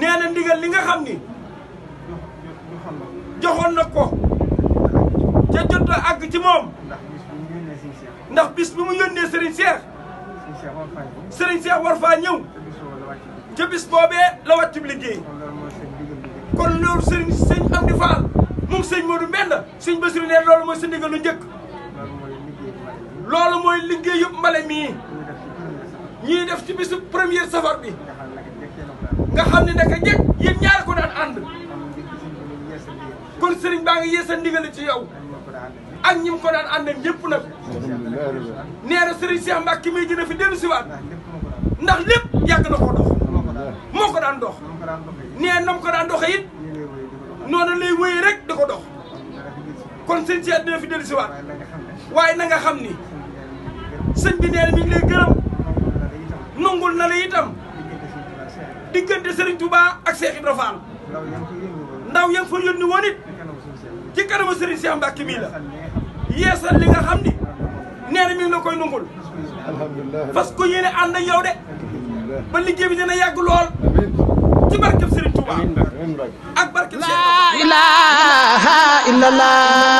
nee na ndigal li nga xam ni joxoon na ko ca jot a ci moom ndax bis bi mu yónnee Serigne Cheikh Serigne Cheikh war faa ñëw ca bis boobee la wàccub liggéey kon loolu Serigne sëñ Amdi Fall moom sëñ Modou Mbenda sëñ Basiru nee loolu mooy sa ndigal lu njëkk loolu mooy liggéey yëpp mbale mii ñuy def ci bisu première safar bi nga xam ne naka njëkk yéen ñaar ko daan ànd kon sëriñ baa ngi yeesal ndigal ci yow ak ñi mu ko daan àndal ñëpp nag nee na sëriñ Cheikh Mbacke mi dina fi dellu si waat ndax lépp yàgg na ko dox moo ko daan dox nee na mu ko daan doxee it noonu lay wéyee rek da ko dox kon sëriñ Cheikh dina fi dellu si waat waaye na nga xam ni sëñ bi mi ngi lay gërëm nungul na la itam diggante Serigne Touba ak Cheikh Ibra Fall ndaw yam fa yónni woon it ci kanamu Serigne Cheikh Mbacke yeesal li xam ni neer mi koy nungul fas ko yéene ànd ak de ba liggéey bi dina yàgg lool ci barkeb Serigne Touba ak barkeb Cheikh. la ilaha illallah